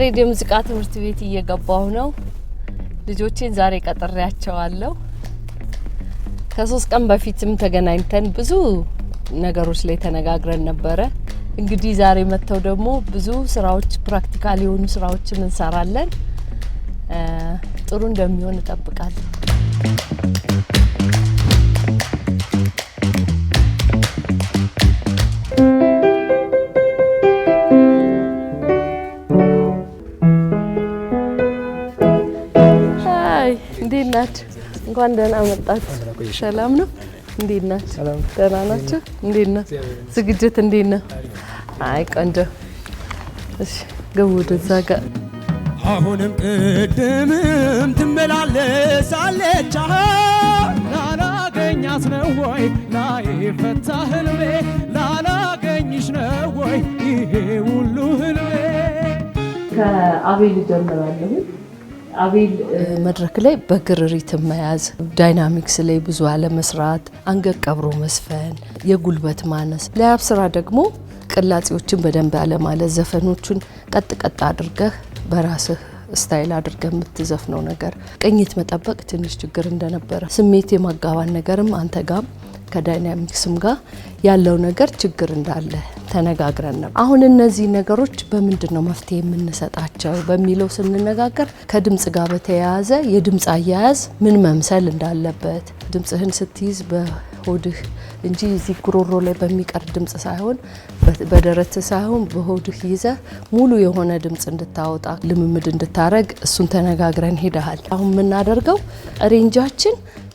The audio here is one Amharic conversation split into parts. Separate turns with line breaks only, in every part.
ያሬድ የሙዚቃ ትምህርት ቤት እየገባሁ ነው። ልጆቼን ዛሬ ቀጥሬያቸዋለሁ። ከሶስት ቀን በፊትም ተገናኝተን ብዙ ነገሮች ላይ ተነጋግረን ነበረ። እንግዲህ ዛሬ መጥተው ደግሞ ብዙ ስራዎች፣ ፕራክቲካል የሆኑ ስራዎችን እንሰራለን። ጥሩ እንደሚሆን እጠብቃለሁ። እንኳን ደህና መጣት። ሰላም ነው? እንዴት ናችሁ? ደህና ናችሁ? እንዴት ነው ዝግጅት? እንዴት ነው? አይ ቆንጆ። እሺ ግቡ ወደዛ ጋር። አሁንም ቅድምም ትመላለሳለች። ላላገኛት ነው ወይ ላይፈታ ህልሜ? ላላገኝሽ ነው ወይ ይሄ ሁሉ ህልሜ? ከአቤል ጀምራለሁ አቤል መድረክ ላይ በግርሪት መያዝ፣ ዳይናሚክስ ላይ ብዙ አለመስራት፣ አንገት ቀብሮ መስፈን፣ የጉልበት ማነስ፣ ለያብ ስራ ደግሞ ቅላጼዎችን በደንብ አለማለት፣ ዘፈኖቹን ቀጥ ቀጥ አድርገህ በራስህ ስታይል አድርገ የምትዘፍነው ነገር፣ ቅኝት መጠበቅ ትንሽ ችግር እንደነበረ ስሜት የማጋባን ነገርም አንተ ጋም ከዳይናሚክስም ጋር ያለው ነገር ችግር እንዳለ ተነጋግረን ነበር። አሁን እነዚህ ነገሮች በምንድን ነው መፍትሄ የምንሰጣቸው በሚለው ስንነጋገር ከድምፅ ጋር በተያያዘ የድምፅ አያያዝ ምን መምሰል እንዳለበት ድምፅህን ስትይዝ በሆድህ እንጂ እዚህ ጉሮሮ ላይ በሚቀር ድምፅ ሳይሆን በደረት ሳይሆን በሆድህ ይዘ ሙሉ የሆነ ድምፅ እንድታወጣ ልምምድ እንድታረግ እሱን ተነጋግረን ሄደሃል። አሁን የምናደርገው ሬንጃችን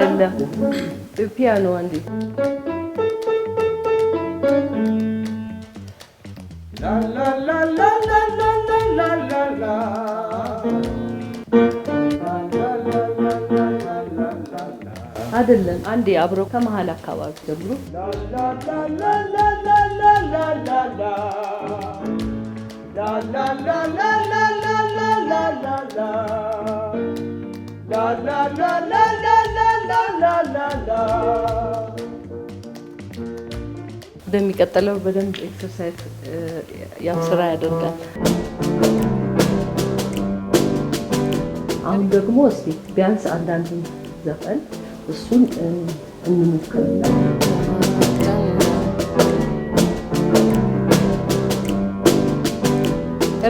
አይደለም ፒያኖ አንዴ አይደለም አንዴ አብሮ ከመሀል አካባቢ ጀምሮ በሚቀጥለው በደንብ ኤክሰርሳይዝ ያው ስራ ያደርጋል። አሁን ደግሞ እስቲ ቢያንስ አንዳንዱን ዘፈን እሱን እንሞክር።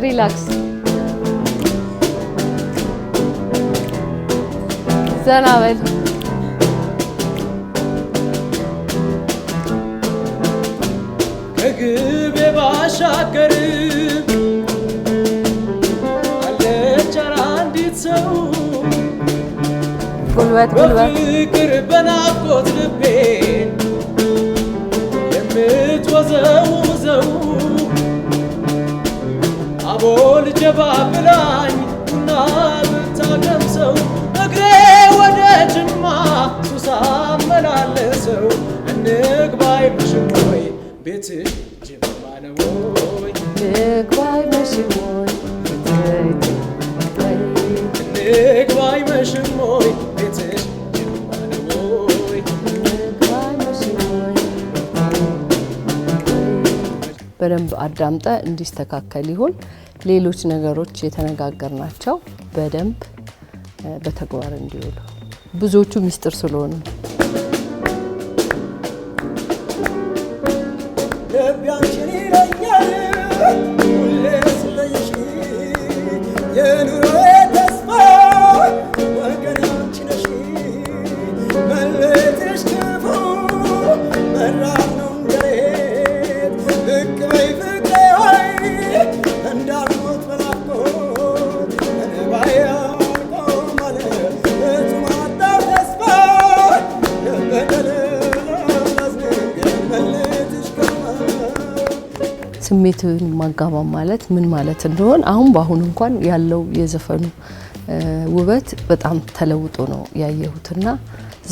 ሪላክስ ዘና በል አሻገርም አለች አንዲት ሰው በፍቅር በናፍቆት ልቤን የምትወዘውዘው አቦል ጀባ ብላኝ ቡና ብታቀምሰው እግሬ ወደ ጅማ ሱሳ መላለሰው እንግባይ ብሽማ ቤት በደንብ አዳምጠ እንዲስተካከል ይሁን። ሌሎች ነገሮች የተነጋገርናቸው በደንብ በተግባር እንዲውሉ ብዙዎቹ ሚስጥር ስለሆነ ስሜትን ማጋባ ማለት ምን ማለት እንደሆን አሁን በአሁኑ እንኳን ያለው የዘፈኑ ውበት በጣም ተለውጦ ነው ያየሁትና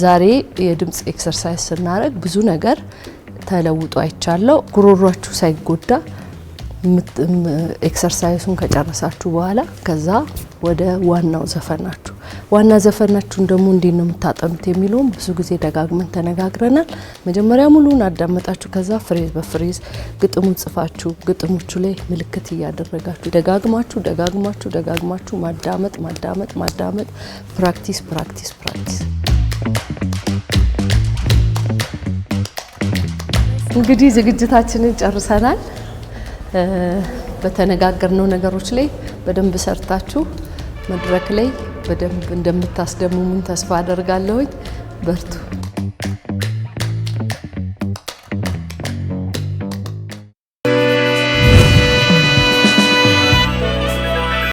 ዛሬ የድምፅ ኤክሰርሳይዝ ስናደርግ ብዙ ነገር ተለውጦ አይቻለው። ጉሮሯችሁ ሳይጎዳ ኤክሰርሳይሱን ከጨረሳችሁ በኋላ ከዛ ወደ ዋናው ዘፈናችሁ ዋና ዘፈናችሁን ደግሞ እንዴት ነው የምታጠኑት የሚለውም ብዙ ጊዜ ደጋግመን ተነጋግረናል። መጀመሪያ ሙሉን አዳመጣችሁ፣ ከዛ ፍሬዝ በፍሬዝ ግጥሙን ጽፋችሁ ግጥሞቹ ላይ ምልክት እያደረጋችሁ ደጋግማችሁ ደጋግማችሁ ደጋግማችሁ ማዳመጥ ማዳመጥ ማዳመጥ ፕራክቲስ ፕራክቲስ ፕራክቲስ እንግዲህ ዝግጅታችንን ጨርሰናል። በተነጋገርነው ነገሮች ላይ በደንብ ሰርታችሁ መድረክ ላይ በደንብ እንደምታስደምሙን ተስፋ አደርጋለሁኝ። በርቱ።